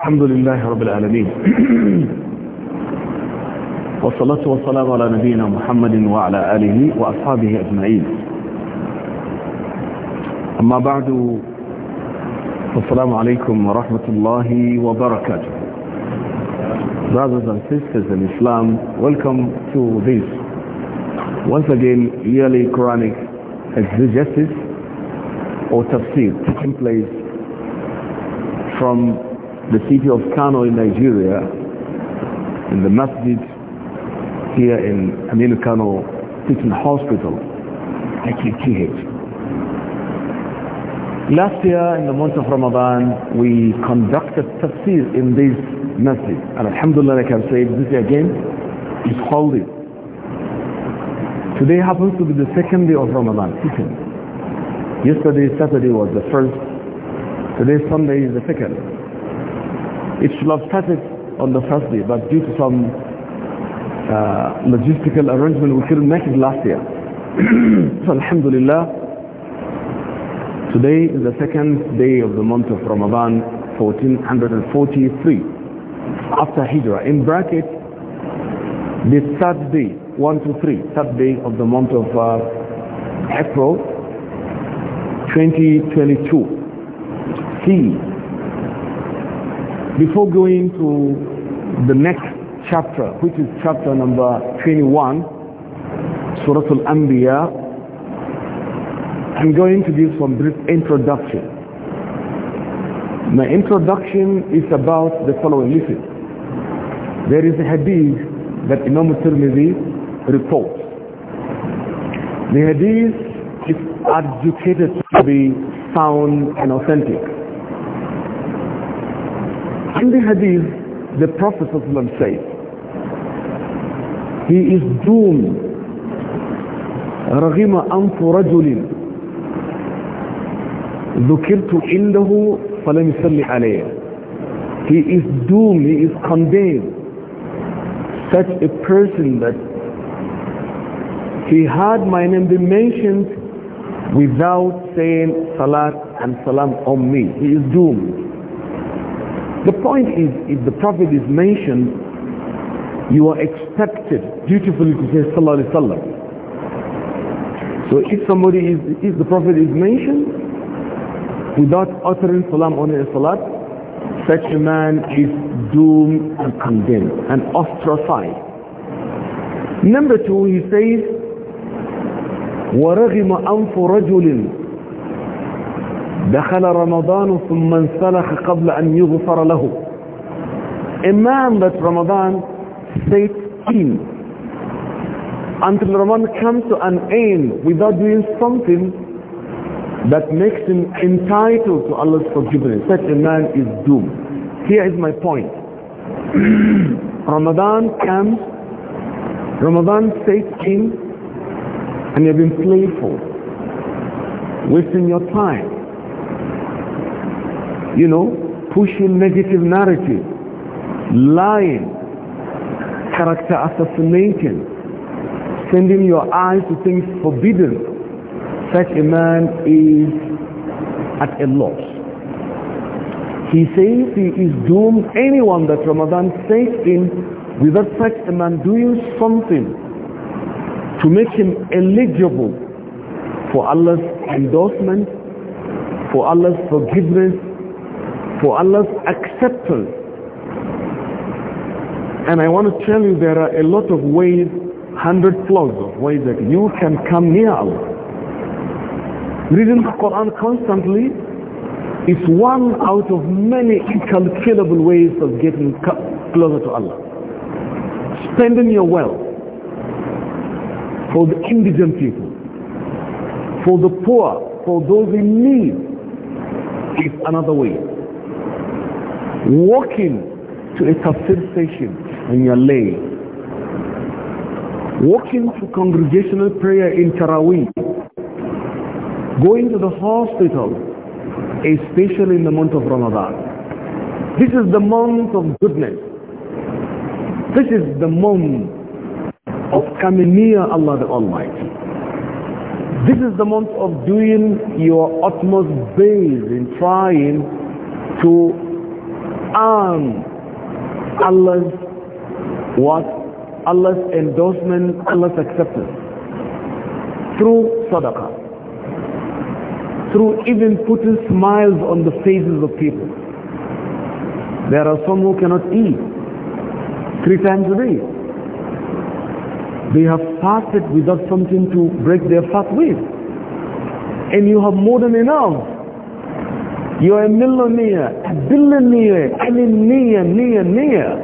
الحمد لله رب العالمين والصلاة والسلام على نبينا محمد وعلى آله وأصحابه أجمعين أما بعد السلام عليكم ورحمة الله وبركاته Brothers and sisters in Islam, welcome to this once again yearly Quranic exegesis or tafsir taking place from the city of Kano in Nigeria, in the masjid here in Aminu Kano Teaching Hospital, IKTH. Last year in the month of Ramadan, we conducted tafsir in this masjid. And Alhamdulillah, I can say this year again, it's holy. Today happens to be the second day of Ramadan, Yesterday, Saturday was the first. Today, Sunday is the second. It should have started on the first day, but due to some uh, logistical arrangement, we couldn't make it last year. so Alhamdulillah, today is the second day of the month of Ramadan, 1443, after Hijrah. In bracket, the third day, 1 to 3, third day of the month of uh, April, 2022. See, before going to the next chapter, which is chapter number 21, Surah Al-Anbiya, I'm going to give some brief introduction. My introduction is about the following. Listen, there is a hadith that Imam Tirmidhi reports. The hadith is adjudicated to be sound and authentic. In the hadith, the Prophet said, He is doomed. رغم أنف رجل ذكرت عنده فلم يصلي عليه. He is doomed, he is condemned. Such a person that he had my name be mentioned without saying salat and salam on me. He is doomed. The point is, if the Prophet is mentioned, you are expected dutifully to say Sallallahu Alaihi Wasallam. So if somebody is, if the Prophet is mentioned, without uttering Salam on his Salat, such a man is doomed and condemned and ostracized. Number two, he says, وَرَغِمَ أَنْفُ رَجُلٍ دخل رمضان ثم انسلخ قبل أن يغفر له A man that Ramadan stayed in until Ramadan comes to an end without doing something that makes him entitled to Allah's forgiveness. Such a man is doomed. Here is my point. Ramadan comes, Ramadan stays in, and you've been playful, wasting your time, you know, pushing negative narrative, lying, character assassination, sending your eyes to things forbidden. Such a man is at a loss. He says he is doomed. Anyone that Ramadan takes in without such a man doing something to make him eligible for Allah's endorsement, for Allah's forgiveness, for Allah's acceptance. And I want to tell you there are a lot of ways, hundred flogs of ways that you can come near Allah. Reading the Quran constantly is one out of many incalculable ways of getting closer to Allah. Spending your wealth for the indigent people, for the poor, for those in need is another way walking to a tafsir station in your lane, walking to congregational prayer in Taraweeh, going to the hospital, especially in the month of Ramadan. This is the month of goodness. This is the month of coming near Allah the Almighty. This is the month of doing your utmost best in trying to Allah's what? Allah's endorsement, Allah's acceptance through sadaqah, through even putting smiles on the faces of people. There are some who cannot eat three times a day. They have fasted without something to break their fast with. And you have more than enough you're a millionaire, a billionaire, I mean near, near, near.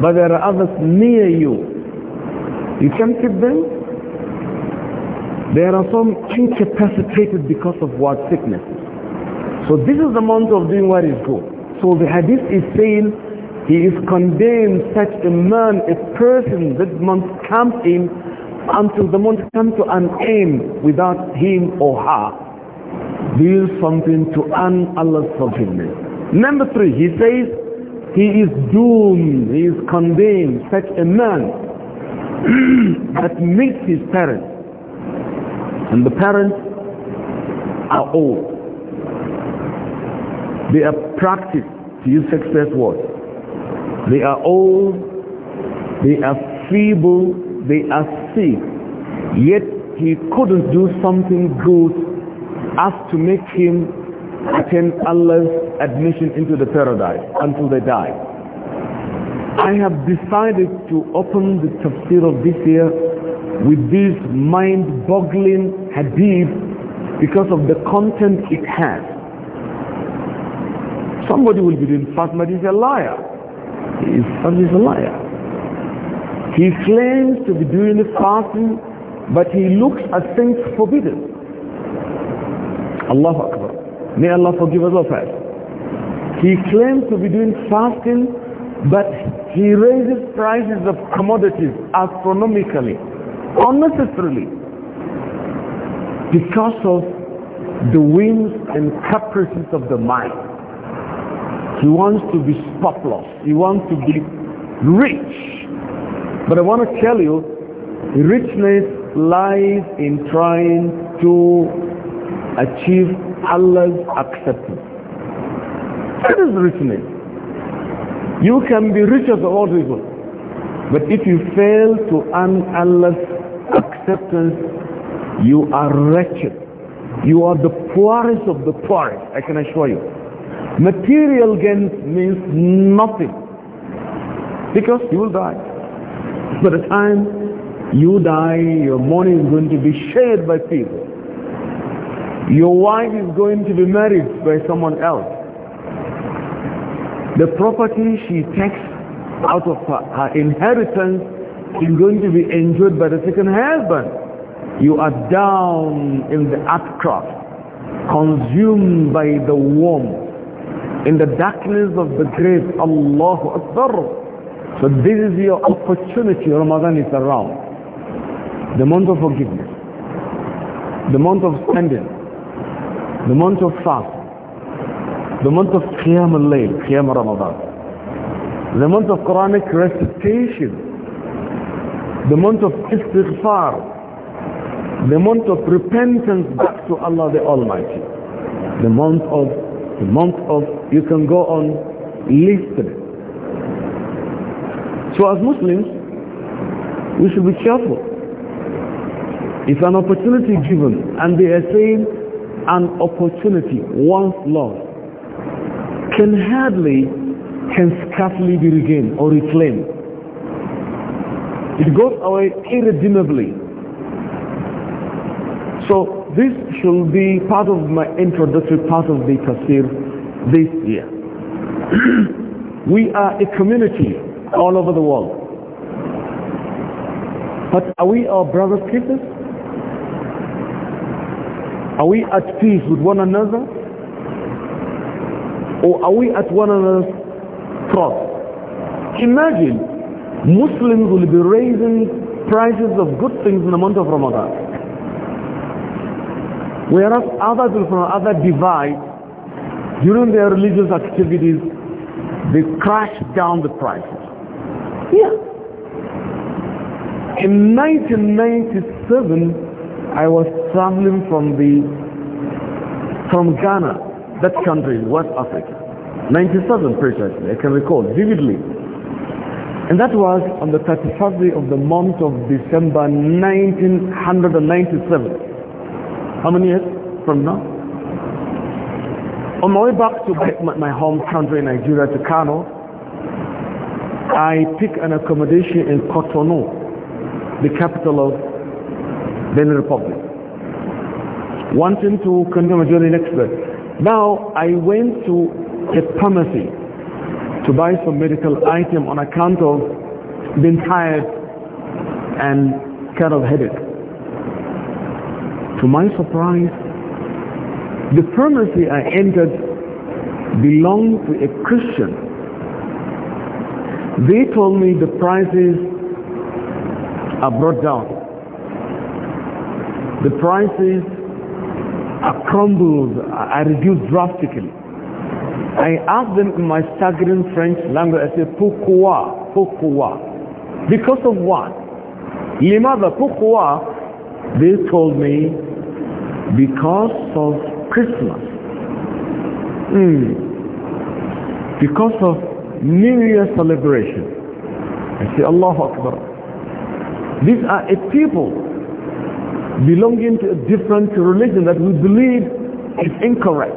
But there are others near you. You can't keep them. There are some incapacitated because of what sickness. So this is the month of doing what is good. So the hadith is saying he is condemned such a man, a person that month comes in until the month comes to an end without him or her do something to earn Allah's forgiveness. Number three, he says, he is doomed, he is condemned, such a man that meets his parents. And the parents are old. They are practiced, to use success word. They are old, they are feeble, they are sick. Yet he couldn't do something good as to make him attend Allah's admission into the paradise until they die. I have decided to open the tafsir of this year with this mind-boggling hadith because of the content it has. Somebody will be doing fast, but a liar. He is, a liar. He claims to be doing fasting, but he looks at things forbidden. Allahu Akbar. May Allah forgive us all for He claims to be doing fasting, but he raises prices of commodities astronomically, unnecessarily, because of the whims and caprices of the mind. He wants to be spotless. He wants to be rich. But I want to tell you, richness lies in trying to achieve Allah's acceptance. That is richness. You can be rich of all people, but if you fail to earn Allah's acceptance, you are wretched. You are the poorest of the poorest, I can assure you. Material gain means nothing because you will die. By the time you die, your money is going to be shared by people. Your wife is going to be married by someone else. The property she takes out of her, her inheritance is going to be enjoyed by the second husband. You are down in the upcroft, consumed by the warmth, in the darkness of the grave. Allahu Akbar. So this is your opportunity. Ramadan is around. The month of forgiveness. The month of standing. the month of fast the month of Qiyam al-Layl Qiyam Ramadan the month of Quranic recitation the month of istighfar the month of repentance back to Allah the Almighty the month of the month of you can go on listening. so as Muslims we should be careful if an opportunity given and they are saying an opportunity once lost can hardly, can scarcely be regained or reclaimed. It goes away irredeemably. So this should be part of my introductory part of the tafsir this year. we are a community all over the world. But are we our brothers keepers? Are we at peace with one another? Or are we at one another's cross? Imagine Muslims will be raising prices of good things in the month of Ramadan. Whereas others from other divide during their religious activities, they crash down the prices. Yeah. In 1997, I was traveling from the from Ghana, that country in West Africa, 97 precisely, I can recall vividly. And that was on the 31st day of the month of December 1997. How many years from now? On my way back to my, home country, Nigeria, to Kano, I picked an accommodation in Cotonou, the capital of then republic. Wanting to condemn a next expert. Now, I went to a pharmacy to buy some medical item on account of being tired and kind of headache. To my surprise, the pharmacy I entered belonged to a Christian. They told me the prices are brought down the prices are crumbled, uh, are reduced drastically. I asked them in my staggering French language, I said, pourquoi, pourquoi? Because of what? Limada, pourquoi? They told me, because of Christmas. Mm. Because of New Year celebration. I say, Allahu Akbar. These are a people belonging to a different religion that we believe is incorrect.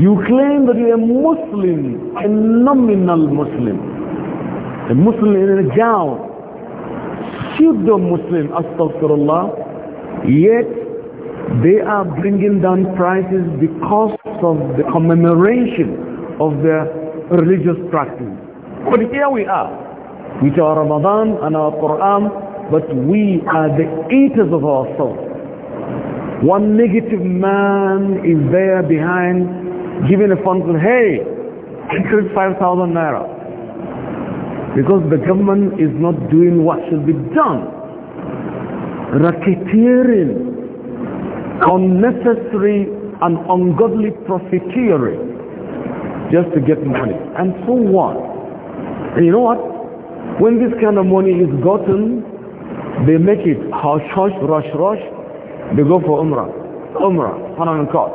You claim that you're a Muslim, a nominal Muslim, a Muslim in a gown, pseudo-Muslim, astaghfirullah, yet they are bringing down prices because of the commemoration of their religious practice. But here we are, with our Ramadan and our Quran, but we are the eaters of our soul. One negative man is there behind giving a fund call, hey, increase 5,000 naira. Because the government is not doing what should be done. Racketeering, unnecessary and ungodly profiteering just to get money. And so what? And you know what? When this kind of money is gotten, They make it hush hush, rush rush. They go for Umrah. Umrah. Hanan and Qad.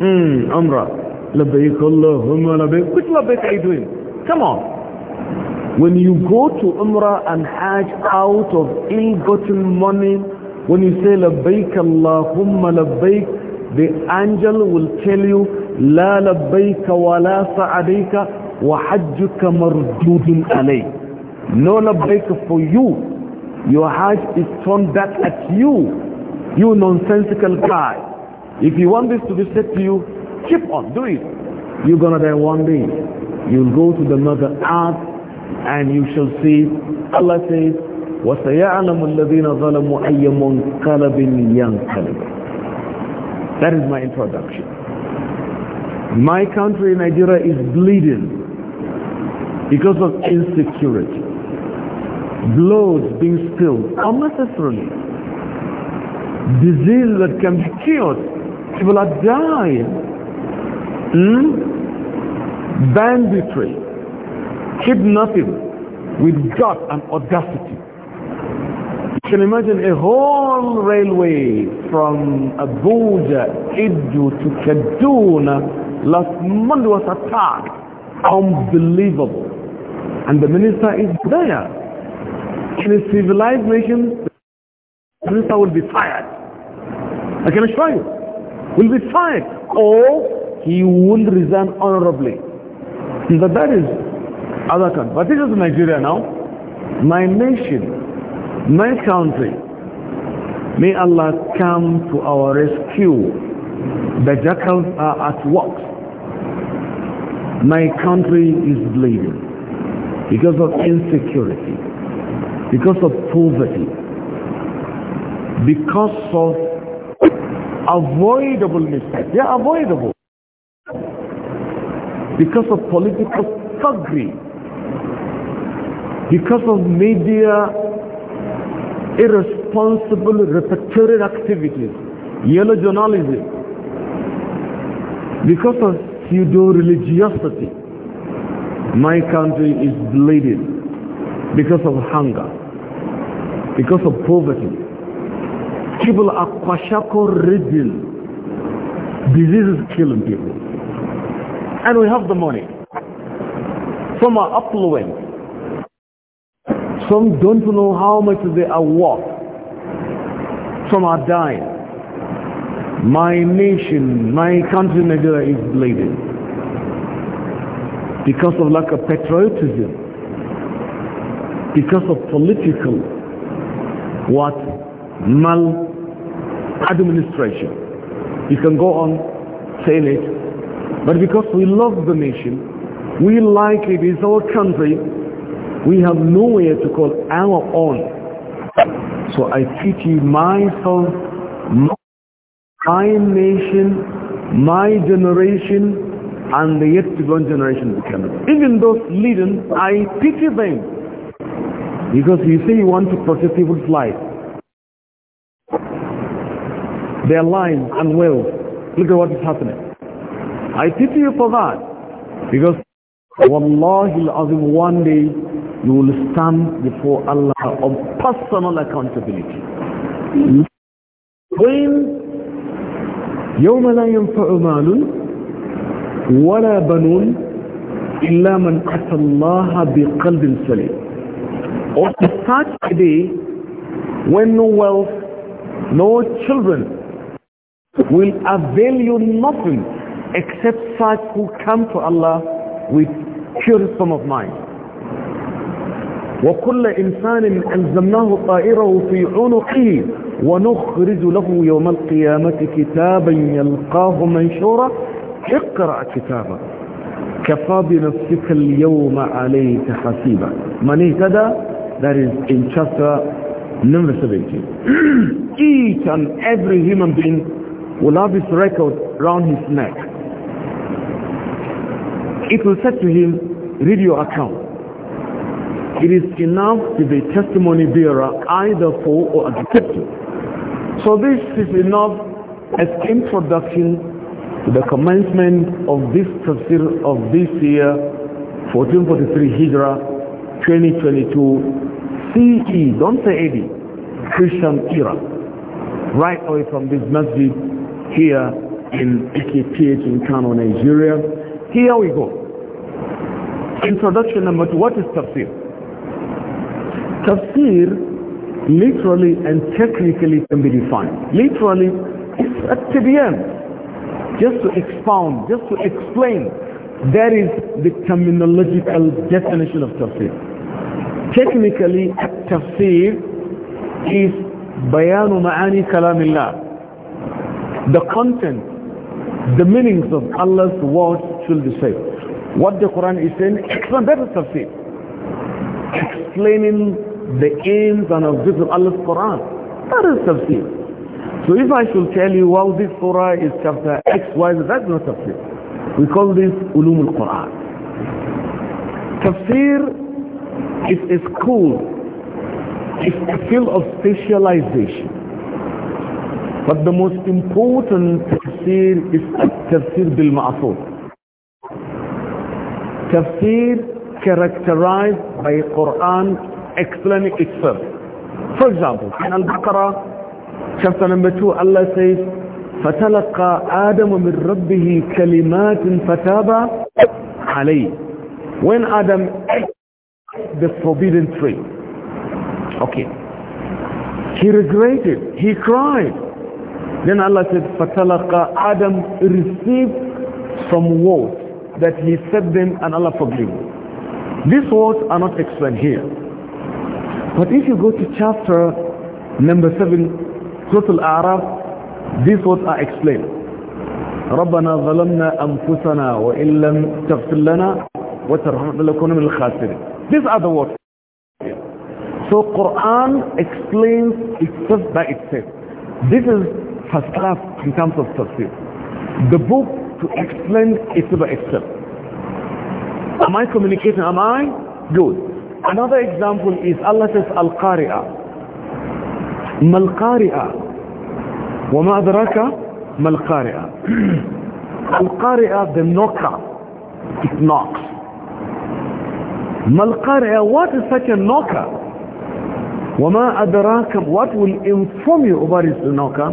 Mm, Umrah. Labbaik Allahumma Which are you doing? Come on. When you go to Umrah and Hajj out of ill-gotten money, when you say labbaik Allahumma لبيك the angel will tell you, لا لبيك ولا سعديك وحجك مردود عليك. No لبيك for you. your heart is turned back at you, you nonsensical guy. If you want this to be said to you, keep on, do it. You're gonna die one day. You'll go to the mother earth and you shall see, Allah says, وَسَيَعْلَمُ الَّذِينَ ظَلَمُوا أَيَّ مُنْقَلَبٍ يَنْقَلِبُ That is my introduction. My country, Nigeria, is bleeding because of insecurity blood being spilled unnecessarily, diseases that can be cured, people are dying, hmm? banditry, kidnapping with gut and audacity. You can imagine a whole railway from Abuja, Idju to Kaduna last Monday was attacked. Unbelievable. And the minister is there in a civilized nation, the minister will be fired. I can assure you. Will be fired. Or he will resign honorably. But that is other country. But this is Nigeria now. My nation, my country. May Allah come to our rescue. The jackals are at work. My country is bleeding because of insecurity because of poverty, because of avoidable mistakes. They are avoidable. Because of political thuggery, because of media irresponsible repetitive activities, yellow journalism, because of pseudo-religiosity, my country is bleeding because of hunger because of poverty. People are kwashako-ridden. Diseases killing people. And we have the money. Some are affluent. Some don't know how much they are worth. Some are dying. My nation, my country, Nigeria is bleeding. Because of lack of patriotism. Because of political what? Mal administration. You can go on saying it, but because we love the nation, we like it is our country, we have nowhere to call our own. So I pity myself, my nation, my generation, and the yet to come generation of Canada. Even those leaders, I pity them because you say you want to protect people's life. They are lying and well. Look at what is happening. I pity you for that. Because Wallahi ask azim one day you will stand before Allah on personal accountability. When يوم لا ينفع مال ولا بنون إلا من أتى الله بقلب سليم or to start a day when no wealth, no children will avail you nothing except such who come to Allah with pure sum of mind. وكل إنسان ألزمناه طائره في عنقه ونخرج له يوم القيامة كتابا يلقاه منشورا اقرأ كتابا كفى بنفسك اليوم عليك حسيبا من اهتدى that is in chapter number 17. Each and every human being will have his record round his neck. It will say to him, read your account. It is enough to be testimony bearer either for or against you. So this is enough as introduction to the commencement of this tafsir of this year, 1443 Hijra, 2022 CE, don't say AD, Christian era, right away from this masjid here in AKPH in Kano, Nigeria. Here we go. Introduction number two, what is tafsir? Tafsir literally and technically can be defined. Literally, it's a TBM, just to expound, just to explain. That is the terminological definition of tafsir technically tafsir is bayanu ma'ani kalamillah the content the meanings of Allah's words should be said what the Quran is saying explain that is tafsir explaining the aims and objects of Allah's Quran that is tafsir so if I should tell you well, this surah is chapter X, Y, Z, that's not tafsir we call this ulum al-Quran tafsir It's a school. It's a field of specialization. But the most important tafsir is tafsir bil ma'asur. Tafsir characterized by Quran explaining itself. For example, in Al-Baqarah, chapter number 2, Allah says, فتلقى آدم من ربه كلمات فتاب عليه. When Adam the forbidden tree. Okay. He regretted. He cried. Then Allah said, فَتَلَقَى Adam received some words that he said them and Allah forgave him. These words are not explained here. But if you go to chapter number 7, Surah Al-A'raf, these words are explained. رَبَّنَا ظَلَمْنَا أَنفُسَنَا وَإِن لَّمْ تَغْفِرْ لَنَا وَتَرْحَمْنَا لَنَكُونَنَّ مِنَ الْخَاسِرِينَ these are the words. So Quran explains itself by itself. This is first class in terms of tafsir. The book to explain itself by itself. Am I communicating? Am I? Good. Another example is Allah says Al-Qari'ah. Mal-Qari'ah. وَمَا أَدْرَكَ Mal-Qari'ah. Al-Qari'ah, the knocker. It knocks. Malqari'a, what is such a knocker? وَمَا أَدْرَاكَ What will inform you about this knocker?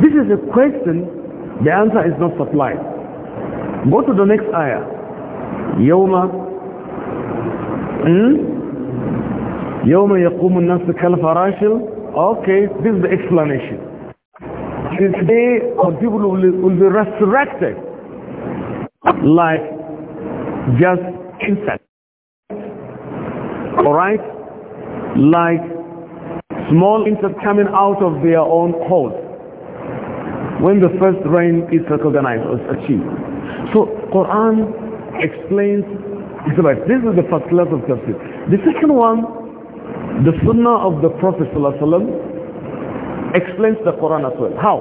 This is a question, the answer is not supplied. Go to the next ayah. يَوْمَ يوم يقوم الناس كالفراشل okay this is the explanation this day when people will, will be resurrected like just insects Alright? Like small insects coming out of their own holes when the first rain is recognized or achieved. So Quran explains This is the first class of tafsir. The second one, the sunnah of the Prophet explains the Quran as well. How?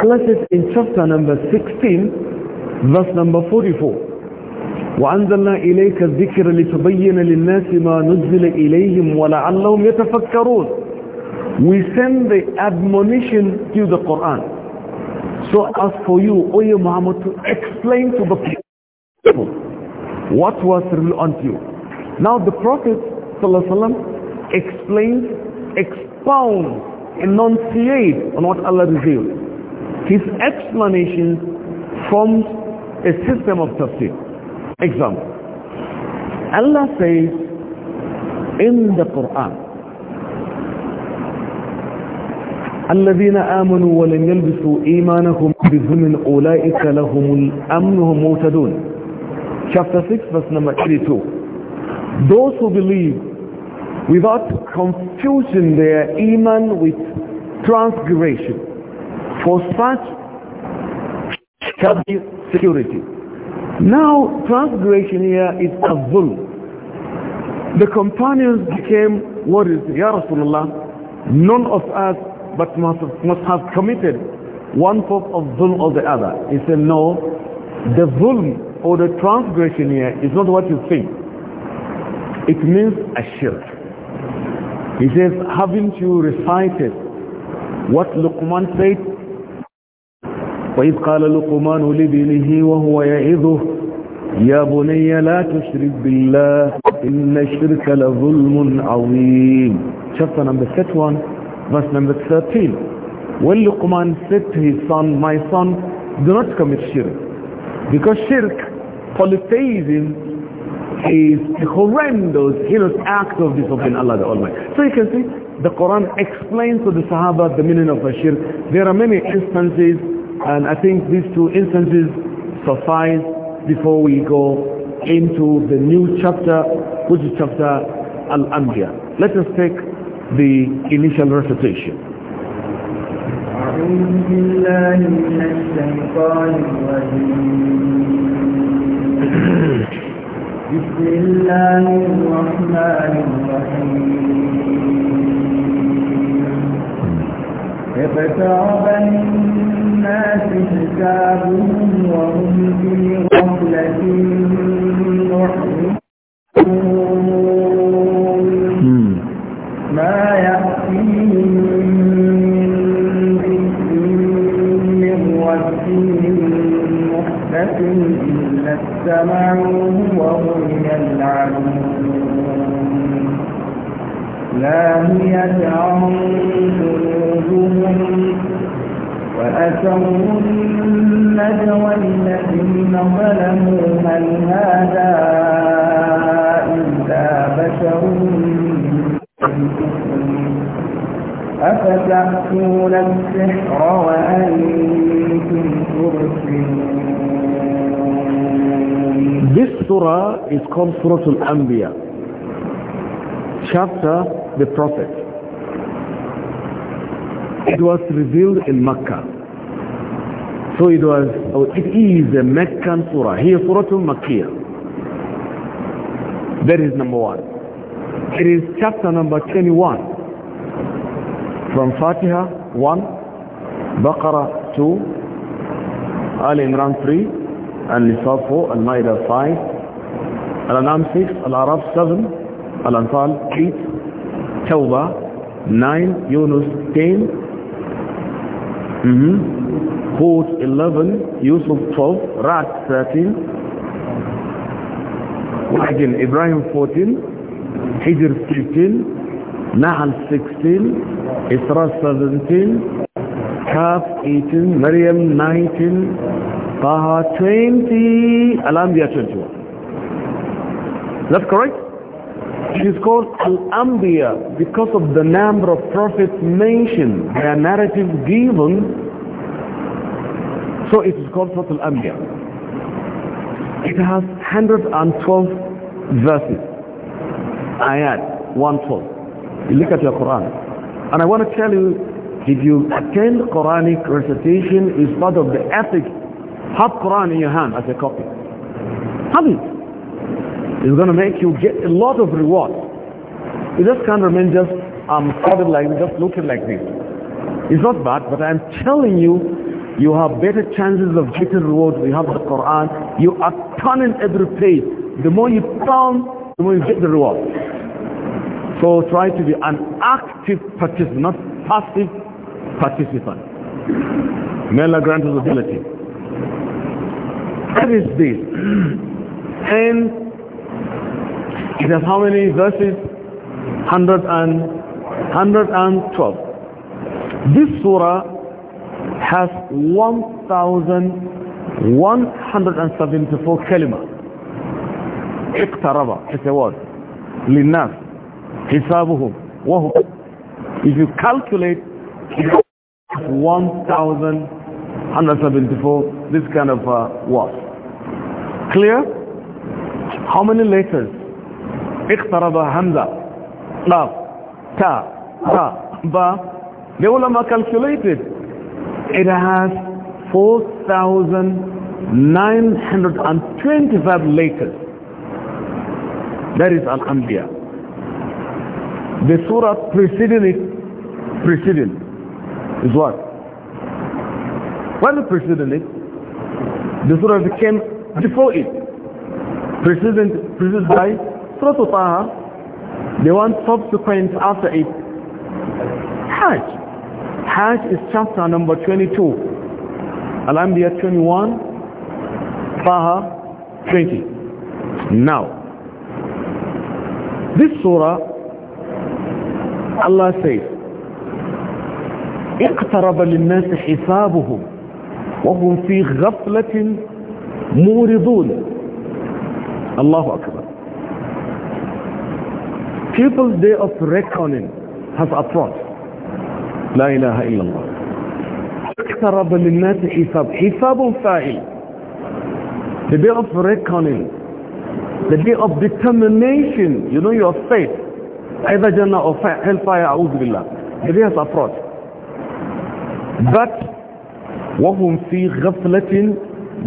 Allah says in chapter number 16, verse number 44. وأنزلنا إليك الذكر لتبين للناس ما نزل إليهم ولعلهم يتفكرون We send the admonition to the Quran. So as for you, O you Muhammad, to explain to the people what was revealed unto you. Now the Prophet ﷺ explains, expounds, enunciates on what Allah revealed. His explanation forms a system of tafsir. Example. Allah says in the Quran, الذين آمنوا ولم يلبسوا إيمانهم بظلم أولئك لهم الأمن هم Chapter 6 verse number 82 Those who believe without confusion their iman with transgression for such shall be security now, transgression here is a zulm. The companions became what is, Ya Rasulullah, none of us but must have, must have committed one form of zulm or the other. He said, no, the zulm or the transgression here is not what you think. It means a shirk. He says, haven't you recited what Luqman said وإذ قال لقمان لابنه وهو يعظه يا بني لا تشرك بالله إن الشرك لظلم عظيم chapter number 31 verse number 13 when Luqman said to his son my son do not commit shirk because shirk polytheism is a horrendous heinous act of disobeying Allah the Almighty so you can see the Quran explains to the Sahaba the meaning of a shirk there are many instances And I think these two instances suffice before we go into the new chapter, which is chapter Al-Anbiya. Let us take the initial recitation. بسم الله الرحمن الرحيم اقترب الناس حسابهم وهم في غفلة محرمون ما يأتيهم من ذكر من ربهم محدث إلا استمعوه وهم يلعبون لاهية عن قلوبهم وأسروا النجوى الذين ظلموا هل هذا إلا بشر السحر وأنتم ترسلون This surah is called Surah Al-Anbiya, chapter the Prophet. it was revealed in Mecca. So it was, oh, it is a Meccan surah. Here, Suratul Makkiyah. That is number one. It is chapter number 21. From Fatiha 1, Baqarah 2, Al Imran 3, Al Nisa 4, Al Maida 5, Al Anam 6, Al Araf 7, Al Anfal 8, Tawbah 9, Yunus 10, Mm -hmm. Hud 11, Yusuf 12, ra 13, again Ibrahim 14, Hijr 15, Nahal 16, Isra 17, Kaf 18, Maryam 19, Taha 20, Alambiya 21. That's correct? is called Al-Anbiya because of the number of prophets mentioned, their narrative given. So it is called Surah Al-Anbiya. It has 112 verses. Ayat 112. You look at your Quran. And I want to tell you, if you attend Quranic recitation is part of the ethics. Have Quran in your hand as a copy. Have it. Is going to make you get a lot of reward. You just can't remain just um, sorted like just looking like this. It's not bad, but I'm telling you, you have better chances of getting rewards, We have the Quran. You are turning every page. The more you turn, the more you get the reward. So try to be an active participant, not passive participant. Mela grant us ability. That is this. And It has how many verses? 100 and, 112. This surah has 1,174 kalima. Iqtaraba, it's a word. للناس حسابهم وهو If you calculate 1,174 this kind of uh, word. Clear? How many letters اقترض Hamza, Now, Ta, Ta, Ba. The ulama calculated it has 4,925 letters. That is Al-Anbiya. The surah preceding it, preceding, is what? When preceding it, the surah became before it, precedent, preceded by سوره Taha, the one subsequent after it, Hajj. Hajj is chapter number 22. Al-Anbiya 21, Taha 20. Now, this surah, Allah says, اقترب للناس حسابهم وهم في غفلة مورضون الله أكبر people's day of reckoning has approached. لا إله إلا الله اقترب للناس حساب حساب فائل the day of reckoning the day of determination you know your fate either Jannah or فائل أعوذ بالله the day has approached but وهم في غفلة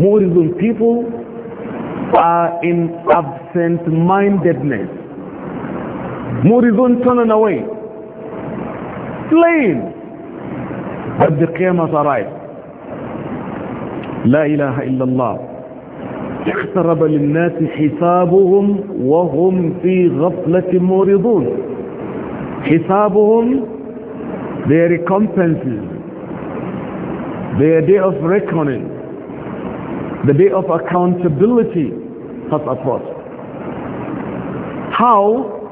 more people are in absent-mindedness موردون turning away slain قد the Qiyamah لا إله إلا الله اقترب للناس حسابهم وهم في غفلة موردون حسابهم their recompenses their day of reckoning the day of accountability has approached how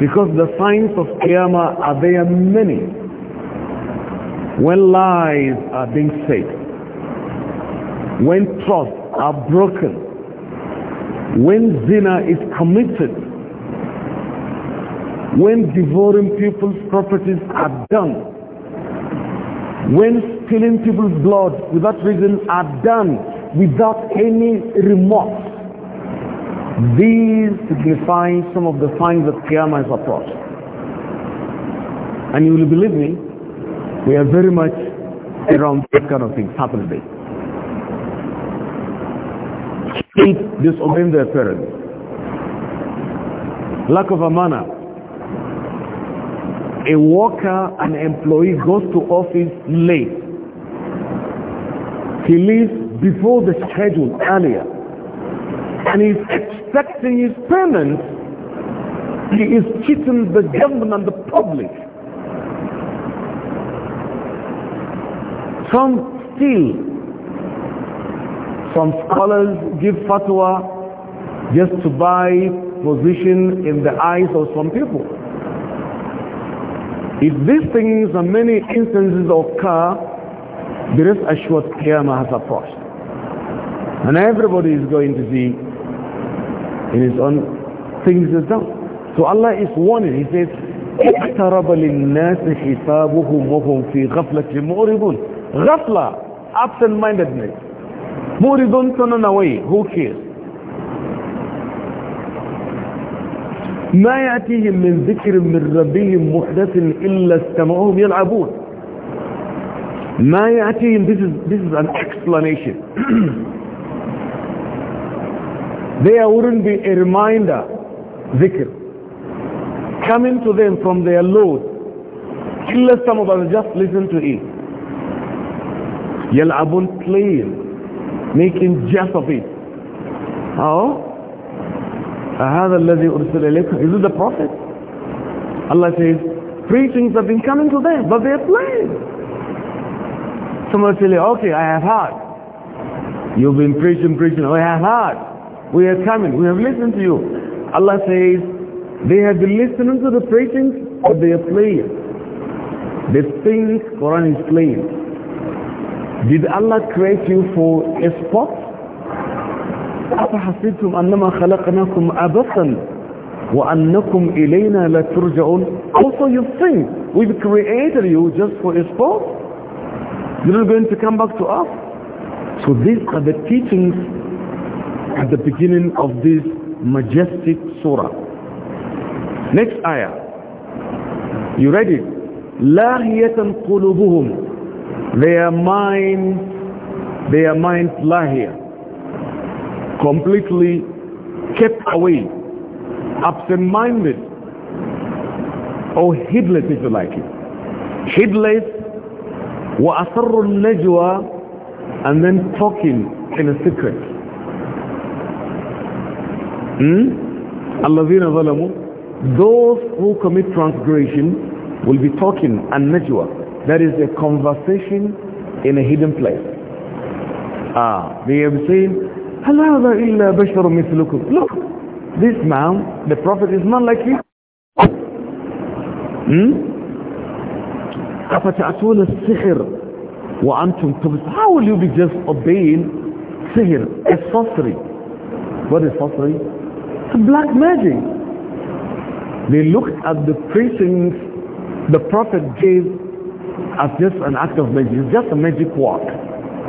Because the signs of Qiyamah are there many. When lies are being said, when trusts are broken, when zina is committed, when devouring people's properties are done, when stealing people's blood without reason are done without any remorse, these signify some of the signs that Qiyamah is approaching. And you will believe me, we are very much around this kind of things happening today. Keep disobeying their parents. Lack of a manner. A worker, an employee goes to office late. He leaves before the schedule earlier and he's expecting his payment, he is cheating the government and the public. Some still, some scholars give fatwa just to buy position in the eyes of some people. If these things and many instances occur, there is assured Qiyamah has approached. And everybody is going to see in his own things is done. So Allah is warning. He says, اقترب للناس حسابهم وهم في غفلة مؤرضون غفلة absent-mindedness مؤرضون turn away who cares ما يأتيهم من ذكر من ربهم محدث إلا استمعوهم يلعبون ما يأتيهم this is, this is an explanation there wouldn't be a reminder, zikr, coming to them from their Lord, unless some of us just listen to it. Yal'abun playing, making jest of it. How? هذا الذي أرسل إليكم Is it the prophet? Allah says, preachings have been coming to them, but they are playing. Someone will say okay, I have heard. You've been preaching, preaching, oh, I have heard. We are coming. We have listened to you. Allah says, they have been listening to the preachings, but they are playing. They think Quran is playing. Did Allah create you for a spot? أفحسبتم أنما خلقناكم أبثا وأنكم إلينا لا Also you think we've created you just for a sport? You're not going to come back to us? So these are the teachings at the beginning of this majestic surah. Next ayah. You read it. لَاهِيَةً Their mind, their mind lahiyah. Completely kept away, absent-minded, or oh, heedless if you like it. Heedless, Wa وَأَثَرُّ النَّجْوَى And then talking in a secret. Hmm? Allazina zalamu. Those who commit transgression will be talking and najwa. That is a conversation in a hidden place. Ah, they have seen. Halaza illa basharun mithlukum. Look, this man, the prophet is not like you. Hmm? أفتأتون السحر وأنتم تبس How will you be just obeying sihr? It's sorcery. What is sorcery? It's black magic. They looked at the preachings the Prophet gave as just an act of magic. It's just a magic word.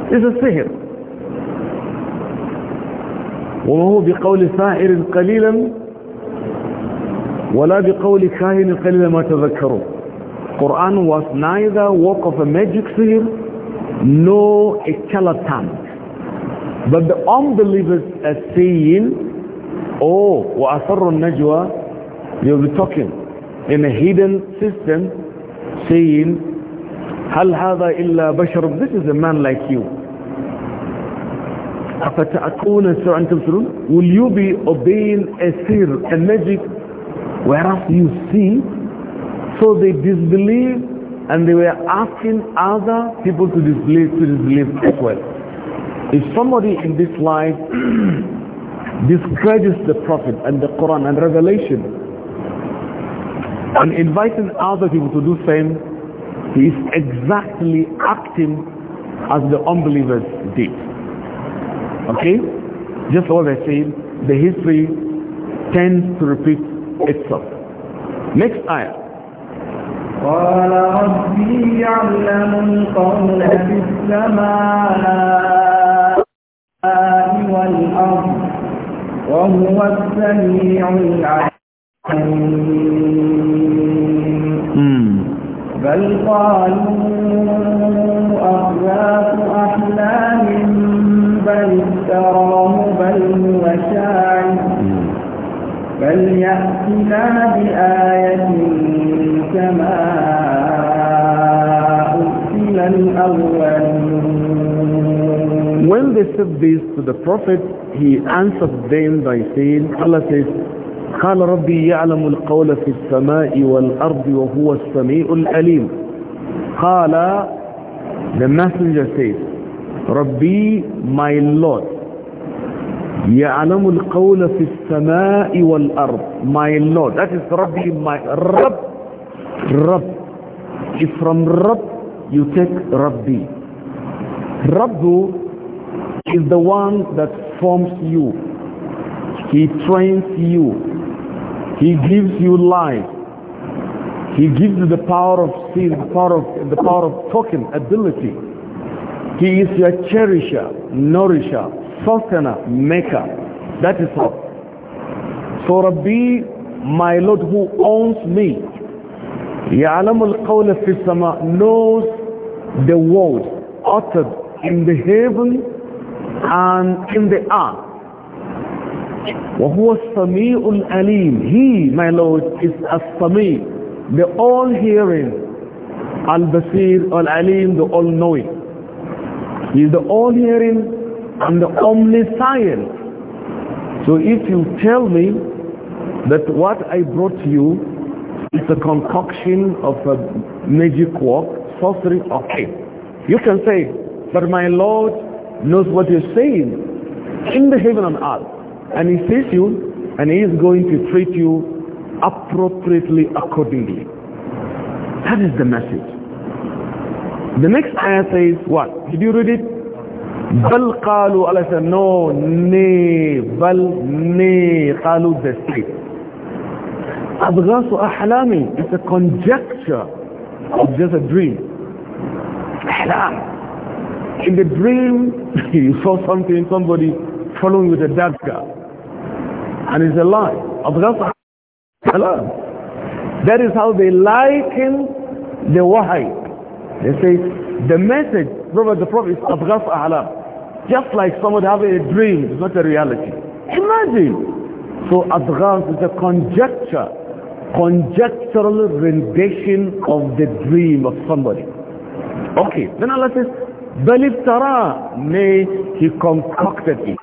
It's a sihr. وهو بقول سائر قليلا ولا بقول كاهن قليلا ما تذكروا Quran was neither work of a magic seer nor a charlatan but the unbelievers are saying Oh, وَأَثَرُّ النَّجْوَى You'll be talking in a hidden system saying, "Hal هَذَا illa بَشَرٌ This is a man like you. أَفَتَأْكُونَ سَوْعًا Will you be obeying a seer, a magic, whereas you see? So they disbelieve and they were asking other people to disbelieve, to disbelieve as well. If somebody in this life discredits the Prophet and the Quran and revelation and inviting other people to do same he is exactly acting as the unbelievers did okay just what I said the history tends to repeat itself next ayah قال ربي يعلم القول في السماء والأرض وهو السميع العليم بل قالوا أخلاق أحلام بل افتراه بل هو شاعر بل يأتنا بآية كما they said this to the Prophet, he answered them by saying, Allah says, قال ربي يعلم القول في السماء والأرض وهو السميع الأليم قال the messenger says ربي my Lord يعلم القول في السماء والأرض my Lord that is ربي my رب رب if from رب you take ربي رب is the one that forms you. He trains you. He gives you life. He gives you the power of seeing, the power of, the power of talking, ability. He is your cherisher, nourisher, sustainer, maker. That is all. So Rabbi, my Lord who owns me, يعلم القول في السماء knows the word uttered in the heaven and in the earth. وَهُوَ السَّمِيعُ الْأَلِيمُ He, my Lord, is As-Sami, the all-hearing, Al-Basir, Al-Alim, the all-knowing. He is the all-hearing and the omniscient. So if you tell me that what I brought you is a concoction of a magic work, sorcery, okay. You can say, but my Lord knows what you're saying in the heaven and earth. And he sees you and he is going to treat you appropriately accordingly. That is the message. The next ayah says what? Did you read it? بل قالوا Allah said no ne, بل ne, قالوا the state أبغاس أحلامي it's a conjecture it's just a dream أحلام in the dream you saw something, somebody following with a dagger. And it's a lie. That is how they liken the wahi. They say the message from the Prophet is Abghas Just like someone having a dream, it's not a reality. Imagine. So Abghas is a conjecture, conjectural rendition of the dream of somebody. Okay, then Allah says, tara, nay, he concocted it.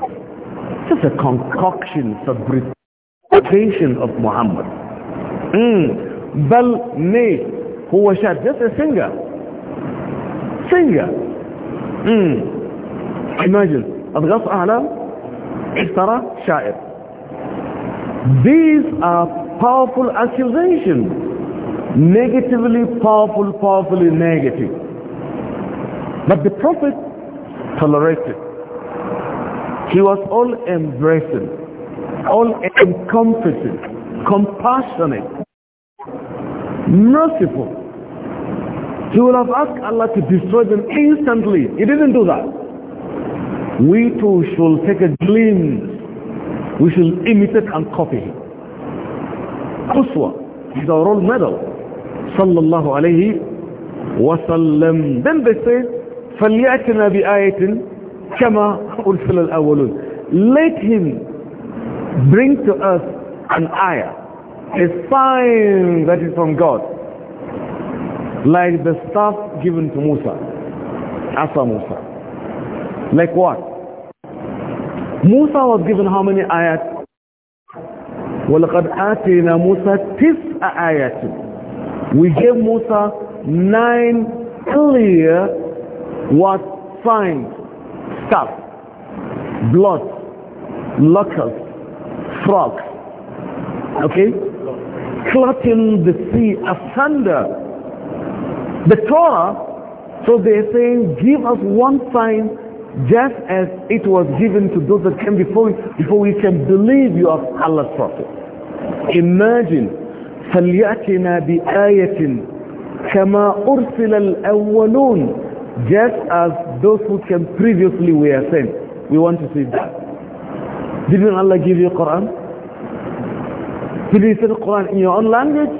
Just a concoction, fabrication of Muhammad. Mm. Bal, nay, who was just a singer. Singer. Mm. Imagine, Adghas A'lam, Tara, Sha'ir. These are powerful accusations. Negatively powerful, powerfully negative. But the Prophet tolerated. He was all embracing, all encompassing, compassionate, merciful. He would have asked Allah to destroy them instantly. He didn't do that. We too should take a glimpse. We should imitate and copy him. is our role model. Sallallahu alayhi wa sallam. Then they say, فليأتنا بآية كما أرسل الأولون let him bring to us an ayah a sign that is from God like the stuff given to Musa Asa Musa like what Musa was given how many ayat ولقد آتينا موسى تسع آيات we gave Musa nine clear What find stuff, blood, locusts, frogs, okay, clutching the sea asunder. The Torah, so they're saying, give us one sign just as it was given to those that came before, before we can believe you are Allah's prophet. Imagine, فَلْيَأْتِنَا بِآيَةٍ كَمَا أُرْسِلَ الْأَوَّلُونَ just as those who came previously were sent. We want to see that. Didn't Allah give you Quran? Did you send Quran in your own language?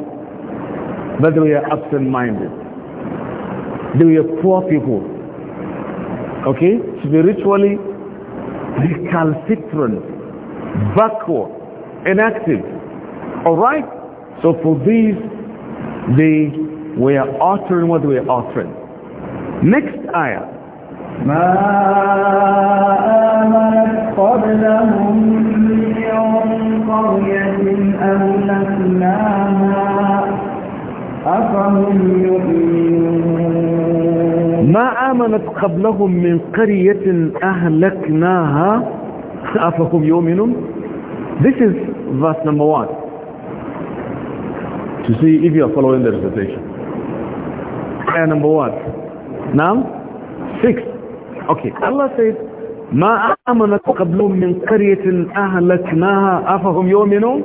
But we are absent-minded. They were poor people. Okay? Spiritually recalcitrant, backward, inactive. Alright? So for these, they were uttering what they were uttering. next ayah ما آمنت قبلهم من قرية أهلكناها أفهم يؤمنون ما آمنت قبلهم من قرية أهلكناها أفهم يؤمنون This is verse number one to see if you are following the recitation. Ayah number one Now, six. Okay, Allah says, ما آمنت قبلهم من قرية أهلكناها أفهم يؤمنون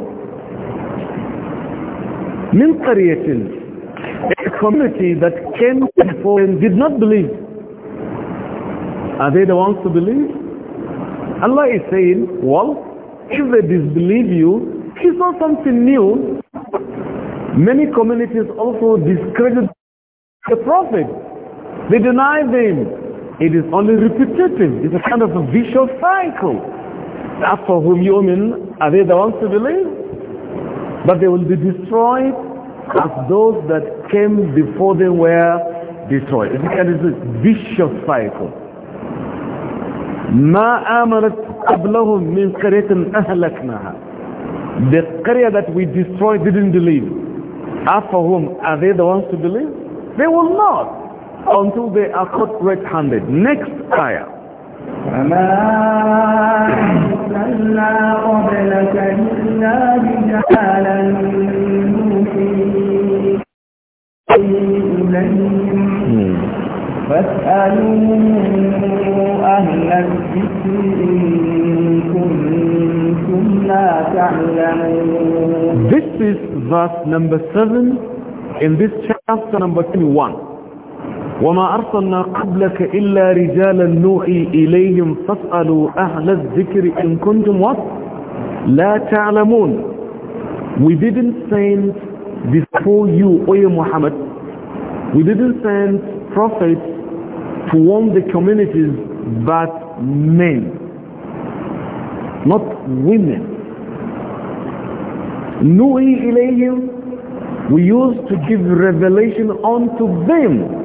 من قرية a community that came before and did not believe are they the ones to believe? Allah is saying well if they disbelieve you it's not something new many communities also discredit the prophet they deny them. It is only repetitive. It's a kind of a vicious cycle. As for whom you mean, are they the ones to believe? But they will be destroyed as those that came before them were destroyed. It's a kind of a vicious cycle. ما آمنت قبلهم من قرية أهلكناها The Korea that we destroyed didn't believe. After whom are they the ones to believe? They will not until they are caught red-handed. Next ayah. This is verse number 7 in this chapter number 21. وما أرسلنا قبلك إلا رجالا نوحي إليهم فاسألوا أهل الذكر إن كنتم what? لا تعلمون We didn't send before you, O Muhammad We didn't send prophets to warn the communities but men not women نوحي إليهم We used to give revelation unto them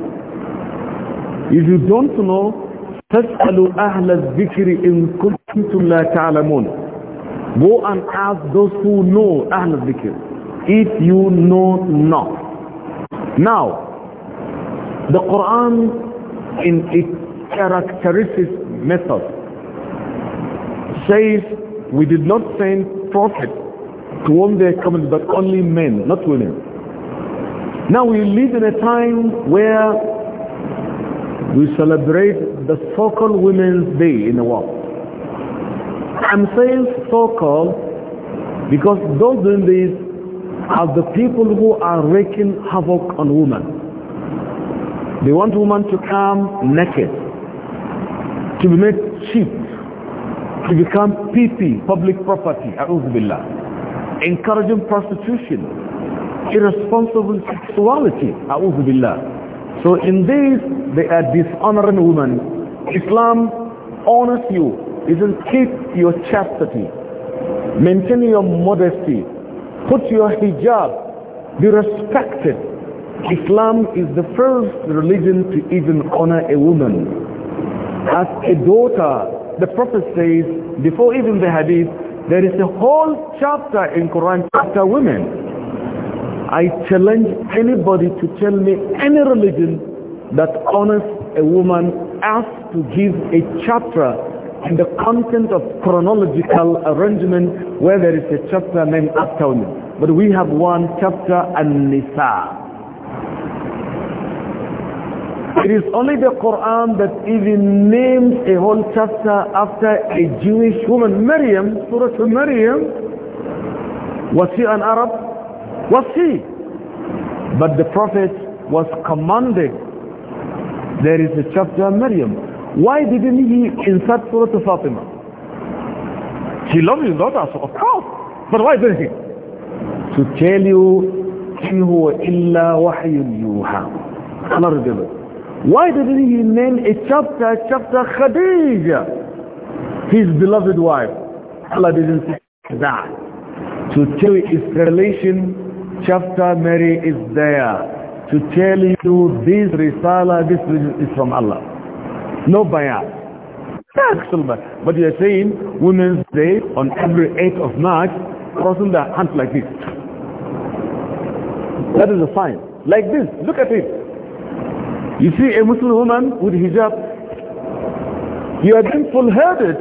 If you don't know, فَاسْأَلُوا أَهْلَ الذِّكْرِ إِن كُنْتُمْ لَا تَعْلَمُونَ Go and ask those who know أهل الذِّكْر if you know not. Now, the Quran in its characteristic method says we did not send prophet to whom they come but only men, not women. Now we live in a time where we celebrate the so-called Women's Day in the world. I'm saying so-called because those doing this are the people who are wreaking havoc on women. They want women to come naked, to be made cheap, to become PP, public property, billah. encouraging prostitution, irresponsible sexuality, billah so in this, they are dishonoring women. Islam honors you. Isn't keep your chastity. Maintain your modesty. Put your hijab. Be respected. Islam is the first religion to even honor a woman. As a daughter, the Prophet says, before even the hadith, there is a whole chapter in Quran chapter women. I challenge anybody to tell me any religion that honors a woman as to give a chapter in the content of chronological arrangement where there is a chapter named after women. But we have one chapter, An-Nisa. It is only the Quran that even names a whole chapter after a Jewish woman, Maryam, Surah Maryam. Was she an Arab? was he. But the Prophet was commanded. There is a chapter on Maryam. Why didn't he insert Surah to Fatima? He loved his daughter, so of course. But why didn't he? To tell you, إِنْ هُوَ إِلَّا وَحْيٌ يُوحَى Allah revealed. Why didn't he name a chapter, chapter Khadija, his beloved wife? Allah didn't say that. To tell you its relation chapter Mary is there to tell you this risala, this is from Allah. No bayat. But you are saying Women's Day on every 8th of March, crossing the hands like this. That is a sign. Like this. Look at it. You see a Muslim woman with hijab. You are being full-headed.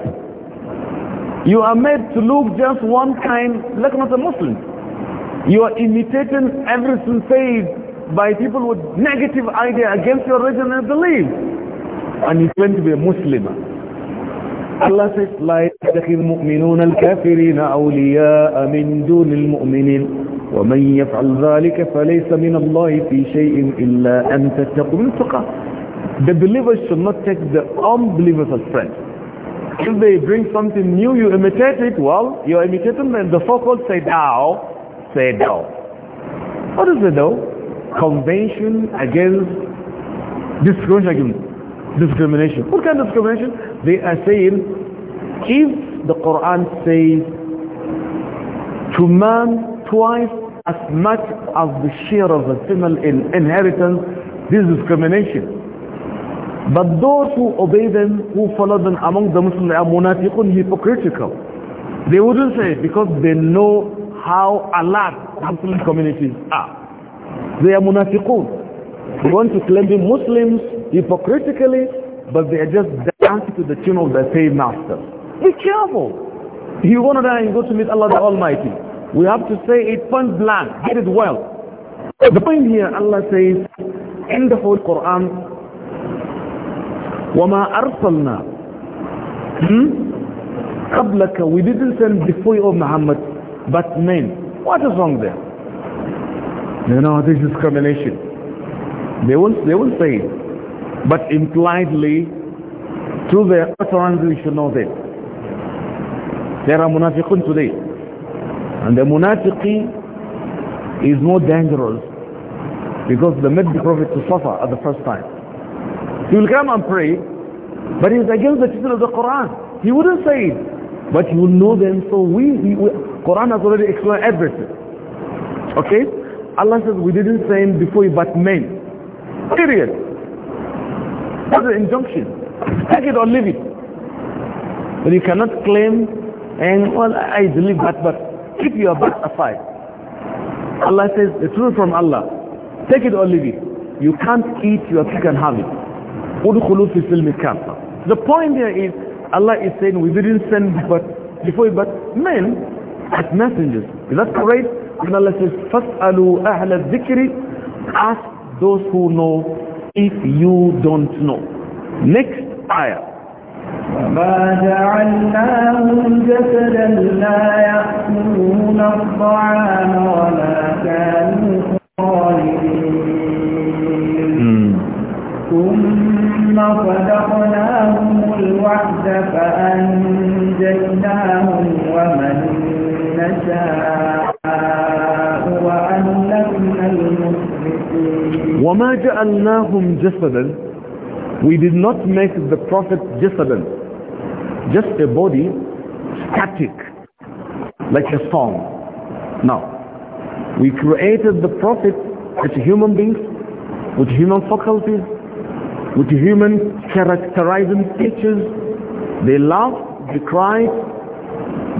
You are made to look just one kind, like not a Muslim. You are imitating everything said by people with negative idea against your religion and belief. And you claim to be a Muslim. Allah says, لا يتخذ مؤمنون الكافرين أولياء من دون المؤمنين ومن يفعل ذلك فليس من الله في شيء إلا أن تتقوا من تقى The believers should not take the unbelievers as friends. If they bring something new, you imitate it, well, you are imitating them. The so-called say, now, does What is CEDAW? Convention against discrimination. Discrimination. What kind of discrimination? They are saying if the Quran says to man twice as much as the share of the female in inheritance, this is discrimination. But those who obey them, who follow them among the Muslims are munafiqun hypocritical. They wouldn't say it because they know how alert Muslim communities are. They are munafiqun. They want to claim to Muslims hypocritically, but they are just dancing to the tune of their paymaster. Be careful. You want to die and go to meet Allah the Almighty. We have to say it point blank. Get it well. The point here, Allah says in the whole Quran, وَمَا أَرْسَلْنَا hmm? قبلك we didn't send before you Muhammad but men. What is wrong there? You know, this is discrimination. They will, they will say it. But impliedly, through their utterance, we should know that. There are munafiqun today. And the munafiqi is more dangerous because they made the Prophet to suffer at the first time. He will come and pray, but he's against the teaching of the Quran. He wouldn't say it. But you know them, so we, we, Quran has already explained everything. Okay? Allah says we didn't send before you but men. Period. That's an injunction. Take it or leave it. But you cannot claim and well I believe that but keep your back aside. Allah says the truth from Allah. Take it or leave it. You can't eat your chicken have it. The point here is Allah is saying we didn't send but before but men as messengers. Is that correct? And Allah says, "Fasalu أَهْلَ الذِّكْرِ Ask those who know if you don't know. Next ayah. وما جعلناهم جسدا لا يأكلون الطعام ولا كانوا خالدين hmm. ثم صدقناهم الوعد فأنجيناهم ومن نشاء وأهلكنا المسرفين وما جعلناهم جسدا We did not make the Prophet جسدا Just a body static like a stone. Now We created the Prophet as human beings with human faculties with human characterizing features. They laugh, they cry,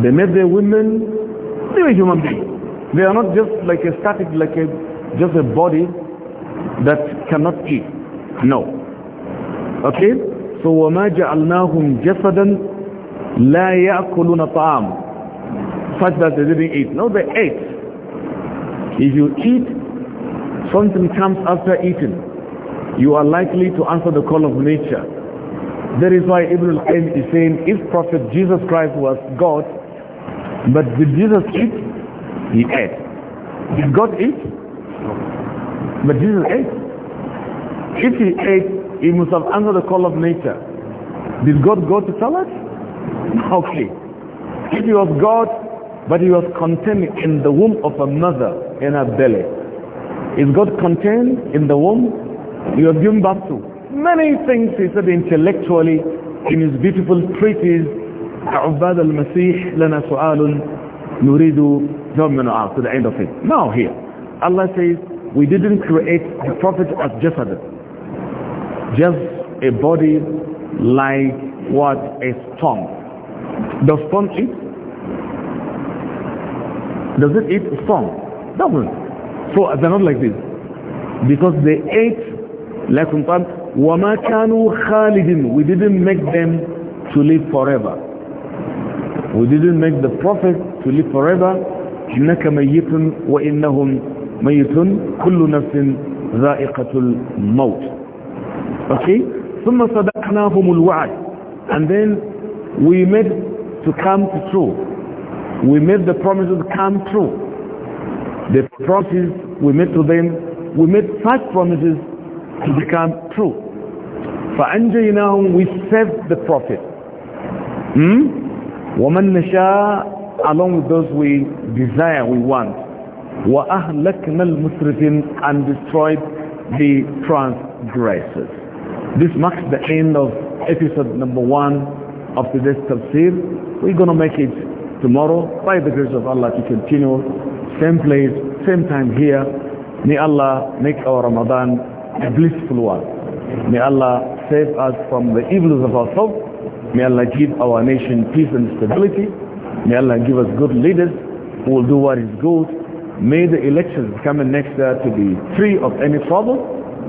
they met their women. They are human beings. They are not just like a static, like a, just a body that cannot eat. No. Okay? So وَمَا جَعَلْنَاهُمْ جَسَدًا لَا يَأْكُلُونَ طَعَامًا Such that they didn't eat. No, they ate. If you eat, something comes after eating you are likely to answer the call of nature. That is why Ibn al-Qayyim is saying, if Prophet Jesus Christ was God, but did Jesus eat? He ate. Did God eat? But Jesus ate. If he ate, he must have answered the call of nature. Did God go to salad? Okay. If he was God, but he was contained in the womb of a mother in her belly. Is God contained in the womb you have given birth to many things he said intellectually in his beautiful treatise عباد المسيح لنا سؤال نريد جواب من عام to the end of it. Now here, Allah says we didn't create the prophet as jasad, just a body like what a stone. Does stone eat? Does it eat stone? Doesn't. So they're not like this because they ate لكن قال وَمَا كَانُوا خالدين we didn't make them to live forever we didn't make the prophet to live forever إِنَّكَ مَيِّتٌ وَإِنَّهُمْ مَيِّتٌ كُلُّ نَفْسٍ ذَائِقَةُ الْمَوْتِ okay ثُمَّ صَدَقْنَاهُمُ الْوَعَدِ and then we made to come to true we made the promises come true the promises we made to them we made such promises to become true. فَأَنْجَيْنَاهُمْ We saved the Prophet. Hmm? وَمَنْ نَشَاءَ Along with those we desire, we want. وَأَهْلَكْنَا الْمُسْرِفِينَ And destroyed the transgressors. This marks the end of episode number one of today's tafsir. We're going to make it tomorrow by the grace of Allah to continue. Same place, same time here. May Allah make our Ramadan a blissful one. May Allah save us from the evils of ourselves. May Allah give our nation peace and stability. May Allah give us good leaders who will do what is good. May the elections coming next year to be free of any trouble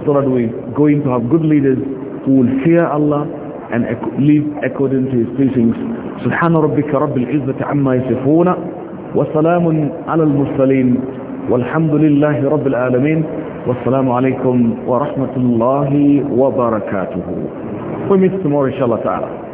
so that we're going to have good leaders who will fear Allah and live according to his teachings. سبحان ربك رب العزة عما يصفون وسلام على المرسلين والحمد لله رب العالمين والسلام عليكم ورحمة الله وبركاته We meet tomorrow inshallah ta'ala